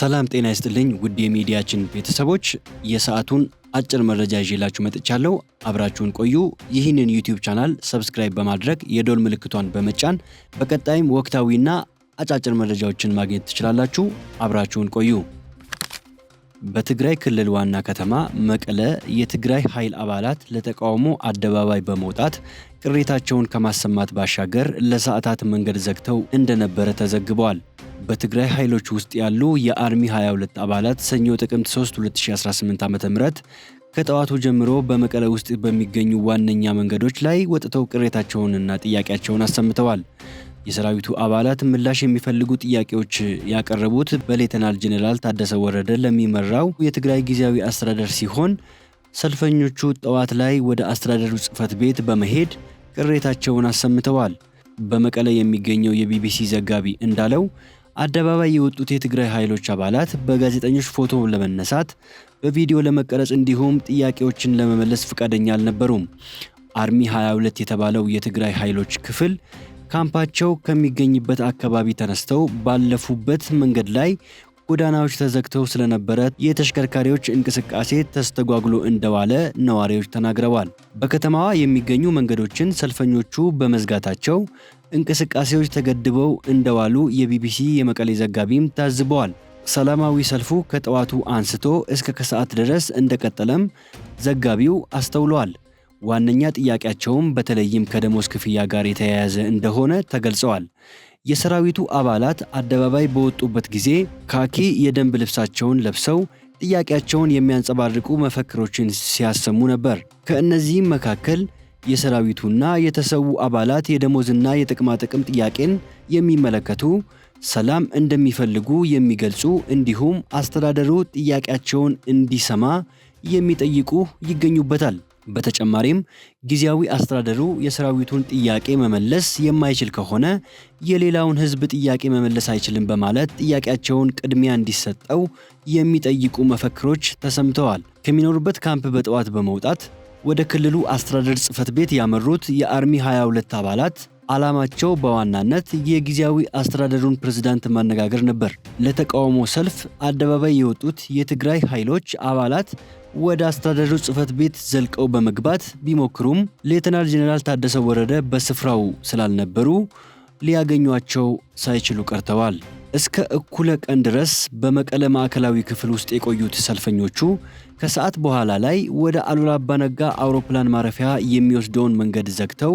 ሰላም ጤና ይስጥልኝ ውድ የሚዲያችን ቤተሰቦች፣ የሰዓቱን አጭር መረጃ ይዤላችሁ መጥቻለሁ። አብራችሁን ቆዩ። ይህንን ዩቲዩብ ቻናል ሰብስክራይብ በማድረግ የዶል ምልክቷን በመጫን በቀጣይም ወቅታዊና አጫጭር መረጃዎችን ማግኘት ትችላላችሁ። አብራችሁን ቆዩ። በትግራይ ክልል ዋና ከተማ መቀለ የትግራይ ኃይል አባላት ለተቃውሞ አደባባይ በመውጣት ቅሬታቸውን ከማሰማት ባሻገር ለሰዓታት መንገድ ዘግተው እንደነበረ ተዘግበዋል። በትግራይ ኃይሎች ውስጥ ያሉ የአርሚ 22 አባላት ሰኞ ጥቅምት 3 2018 ዓ.ም ከጠዋቱ ጀምሮ በመቀለ ውስጥ በሚገኙ ዋነኛ መንገዶች ላይ ወጥተው ቅሬታቸውንና ጥያቄያቸውን አሰምተዋል። የሰራዊቱ አባላት ምላሽ የሚፈልጉ ጥያቄዎች ያቀረቡት በሌተናል ጄኔራል ታደሰ ወረደ ለሚመራው የትግራይ ጊዜያዊ አስተዳደር ሲሆን ሰልፈኞቹ ጠዋት ላይ ወደ አስተዳደሩ ጽህፈት ቤት በመሄድ ቅሬታቸውን አሰምተዋል። በመቀለ የሚገኘው የቢቢሲ ዘጋቢ እንዳለው አደባባይ የወጡት የትግራይ ኃይሎች አባላት በጋዜጠኞች ፎቶ ለመነሳት፣ በቪዲዮ ለመቀረጽ እንዲሁም ጥያቄዎችን ለመመለስ ፈቃደኛ አልነበሩም። አርሚ 22 የተባለው የትግራይ ኃይሎች ክፍል ካምፓቸው ከሚገኝበት አካባቢ ተነስተው ባለፉበት መንገድ ላይ ጎዳናዎች ተዘግተው ስለነበረ የተሽከርካሪዎች እንቅስቃሴ ተስተጓጉሎ እንደዋለ ነዋሪዎች ተናግረዋል። በከተማዋ የሚገኙ መንገዶችን ሰልፈኞቹ በመዝጋታቸው እንቅስቃሴዎች ተገድበው እንደዋሉ የቢቢሲ የመቀሌ ዘጋቢም ታዝበዋል። ሰላማዊ ሰልፉ ከጠዋቱ አንስቶ እስከ ከሰዓት ድረስ እንደቀጠለም ዘጋቢው አስተውለዋል። ዋነኛ ጥያቄያቸውም በተለይም ከደሞዝ ክፍያ ጋር የተያያዘ እንደሆነ ተገልጸዋል። የሰራዊቱ አባላት አደባባይ በወጡበት ጊዜ ካኪ የደንብ ልብሳቸውን ለብሰው ጥያቄያቸውን የሚያንጸባርቁ መፈክሮችን ሲያሰሙ ነበር። ከእነዚህም መካከል የሰራዊቱና የተሰዉ አባላት የደሞዝና የጥቅማጥቅም ጥያቄን የሚመለከቱ ሰላም እንደሚፈልጉ የሚገልጹ እንዲሁም አስተዳደሩ ጥያቄያቸውን እንዲሰማ የሚጠይቁ ይገኙበታል። በተጨማሪም ጊዜያዊ አስተዳደሩ የሰራዊቱን ጥያቄ መመለስ የማይችል ከሆነ የሌላውን ሕዝብ ጥያቄ መመለስ አይችልም በማለት ጥያቄያቸውን ቅድሚያ እንዲሰጠው የሚጠይቁ መፈክሮች ተሰምተዋል። ከሚኖሩበት ካምፕ በጠዋት በመውጣት ወደ ክልሉ አስተዳደር ጽሕፈት ቤት ያመሩት የአርሚ 22 አባላት ዓላማቸው በዋናነት የጊዜያዊ አስተዳደሩን ፕሬዝዳንት ማነጋገር ነበር። ለተቃውሞ ሰልፍ አደባባይ የወጡት የትግራይ ኃይሎች አባላት ወደ አስተዳደሩ ጽህፈት ቤት ዘልቀው በመግባት ቢሞክሩም ሌተናል ጄኔራል ታደሰ ወረደ በስፍራው ስላልነበሩ ሊያገኟቸው ሳይችሉ ቀርተዋል። እስከ እኩለ ቀን ድረስ በመቀለ ማዕከላዊ ክፍል ውስጥ የቆዩት ሰልፈኞቹ ከሰዓት በኋላ ላይ ወደ አሉላ አባነጋ አውሮፕላን ማረፊያ የሚወስደውን መንገድ ዘግተው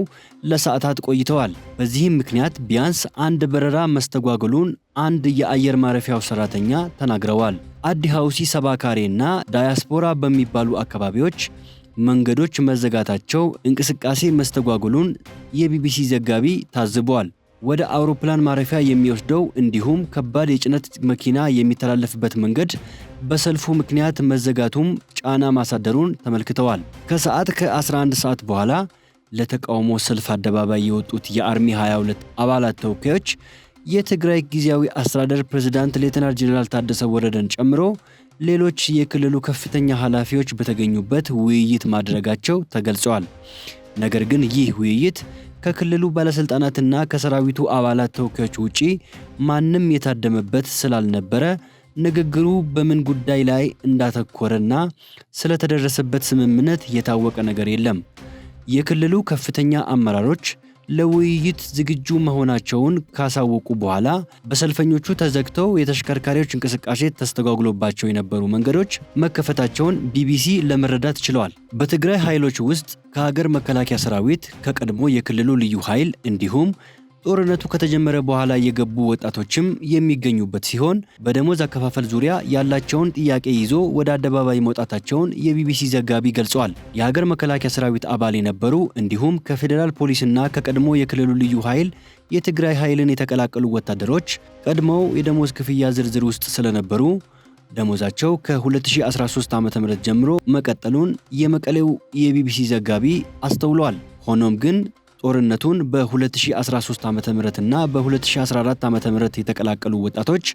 ለሰዓታት ቆይተዋል። በዚህም ምክንያት ቢያንስ አንድ በረራ መስተጓጎሉን አንድ የአየር ማረፊያው ሰራተኛ ተናግረዋል። አዲ ሐውሲ ሰባካሬ እና ዳያስፖራ በሚባሉ አካባቢዎች መንገዶች መዘጋታቸው እንቅስቃሴ መስተጓጎሉን የቢቢሲ ዘጋቢ ታዝቧል። ወደ አውሮፕላን ማረፊያ የሚወስደው እንዲሁም ከባድ የጭነት መኪና የሚተላለፍበት መንገድ በሰልፉ ምክንያት መዘጋቱም ጫና ማሳደሩን ተመልክተዋል። ከሰዓት ከ11 ሰዓት በኋላ ለተቃውሞ ሰልፍ አደባባይ የወጡት የአርሚ 22 አባላት ተወካዮች የትግራይ ጊዜያዊ አስተዳደር ፕሬዝዳንት ሌተናል ጄኔራል ታደሰ ወረደን ጨምሮ ሌሎች የክልሉ ከፍተኛ ኃላፊዎች በተገኙበት ውይይት ማድረጋቸው ተገልጸዋል። ነገር ግን ይህ ውይይት ከክልሉ ባለሥልጣናትና ከሰራዊቱ አባላት ተወካዮች ውጪ ማንም የታደመበት ስላልነበረ ንግግሩ በምን ጉዳይ ላይ እንዳተኮረና ስለተደረሰበት ስምምነት የታወቀ ነገር የለም። የክልሉ ከፍተኛ አመራሮች ለውይይት ዝግጁ መሆናቸውን ካሳወቁ በኋላ በሰልፈኞቹ ተዘግተው የተሽከርካሪዎች እንቅስቃሴ ተስተጓጉሎባቸው የነበሩ መንገዶች መከፈታቸውን ቢቢሲ ለመረዳት ችለዋል። በትግራይ ኃይሎች ውስጥ ከሀገር መከላከያ ሰራዊት፣ ከቀድሞ የክልሉ ልዩ ኃይል እንዲሁም ጦርነቱ ከተጀመረ በኋላ የገቡ ወጣቶችም የሚገኙበት ሲሆን በደሞዝ አከፋፈል ዙሪያ ያላቸውን ጥያቄ ይዞ ወደ አደባባይ መውጣታቸውን የቢቢሲ ዘጋቢ ገልጸዋል። የሀገር መከላከያ ሰራዊት አባል የነበሩ እንዲሁም ከፌዴራል ፖሊስና ከቀድሞ የክልሉ ልዩ ኃይል የትግራይ ኃይልን የተቀላቀሉ ወታደሮች ቀድመው የደሞዝ ክፍያ ዝርዝር ውስጥ ስለነበሩ ደሞዛቸው ከ2013 ዓ ም ጀምሮ መቀጠሉን የመቀሌው የቢቢሲ ዘጋቢ አስተውሏል። ሆኖም ግን ጦርነቱን በ2013 ዓ እና በ2014 ዓ ም የተቀላቀሉ ወጣቶች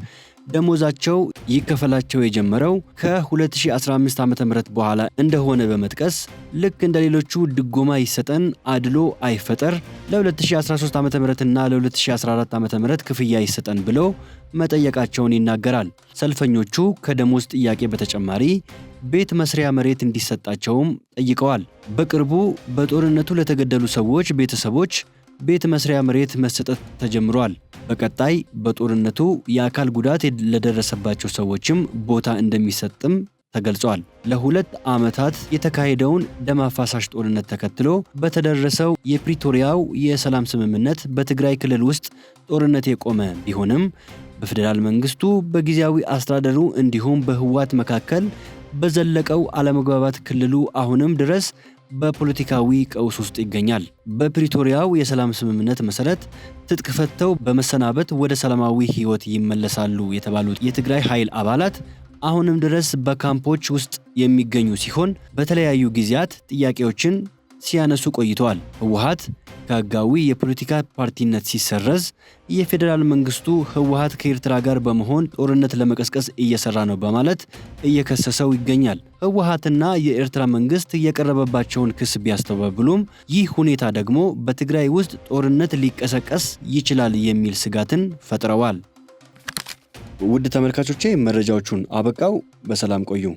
ደሞዛቸው ይከፈላቸው የጀመረው ከ2015 ዓ ም በኋላ እንደሆነ በመጥቀስ ልክ እንደ ሌሎቹ ድጎማ ይሰጠን፣ አድሎ አይፈጠር፣ ለ2013 ዓ ም እና ለ2014 ዓ ም ክፍያ ይሰጠን ብሎ መጠየቃቸውን ይናገራል። ሰልፈኞቹ ከደሞዝ ጥያቄ በተጨማሪ ቤት መስሪያ መሬት እንዲሰጣቸውም ጠይቀዋል። በቅርቡ በጦርነቱ ለተገደሉ ሰዎች ቤተሰቦች ቤት መስሪያ መሬት መሰጠት ተጀምሯል። በቀጣይ በጦርነቱ የአካል ጉዳት ለደረሰባቸው ሰዎችም ቦታ እንደሚሰጥም ተገልጿል። ለሁለት ዓመታት የተካሄደውን ደም አፋሳሽ ጦርነት ተከትሎ በተደረሰው የፕሪቶሪያው የሰላም ስምምነት በትግራይ ክልል ውስጥ ጦርነት የቆመ ቢሆንም በፌዴራል መንግስቱ በጊዜያዊ አስተዳደሩ እንዲሁም በህወሓት መካከል በዘለቀው አለመግባባት ክልሉ አሁንም ድረስ በፖለቲካዊ ቀውስ ውስጥ ይገኛል። በፕሪቶሪያው የሰላም ስምምነት መሰረት ትጥቅ ፈተው በመሰናበት ወደ ሰላማዊ ህይወት ይመለሳሉ የተባሉት የትግራይ ኃይል አባላት አሁንም ድረስ በካምፖች ውስጥ የሚገኙ ሲሆን በተለያዩ ጊዜያት ጥያቄዎችን ሲያነሱ ቆይተዋል። ህወሀት ከህጋዊ የፖለቲካ ፓርቲነት ሲሰረዝ የፌዴራል መንግስቱ ህወሀት ከኤርትራ ጋር በመሆን ጦርነት ለመቀስቀስ እየሰራ ነው በማለት እየከሰሰው ይገኛል። ህወሀትና የኤርትራ መንግስት የቀረበባቸውን ክስ ቢያስተባብሉም ይህ ሁኔታ ደግሞ በትግራይ ውስጥ ጦርነት ሊቀሰቀስ ይችላል የሚል ስጋትን ፈጥረዋል። ውድ ተመልካቾቼ መረጃዎቹን አበቃው። በሰላም ቆዩ።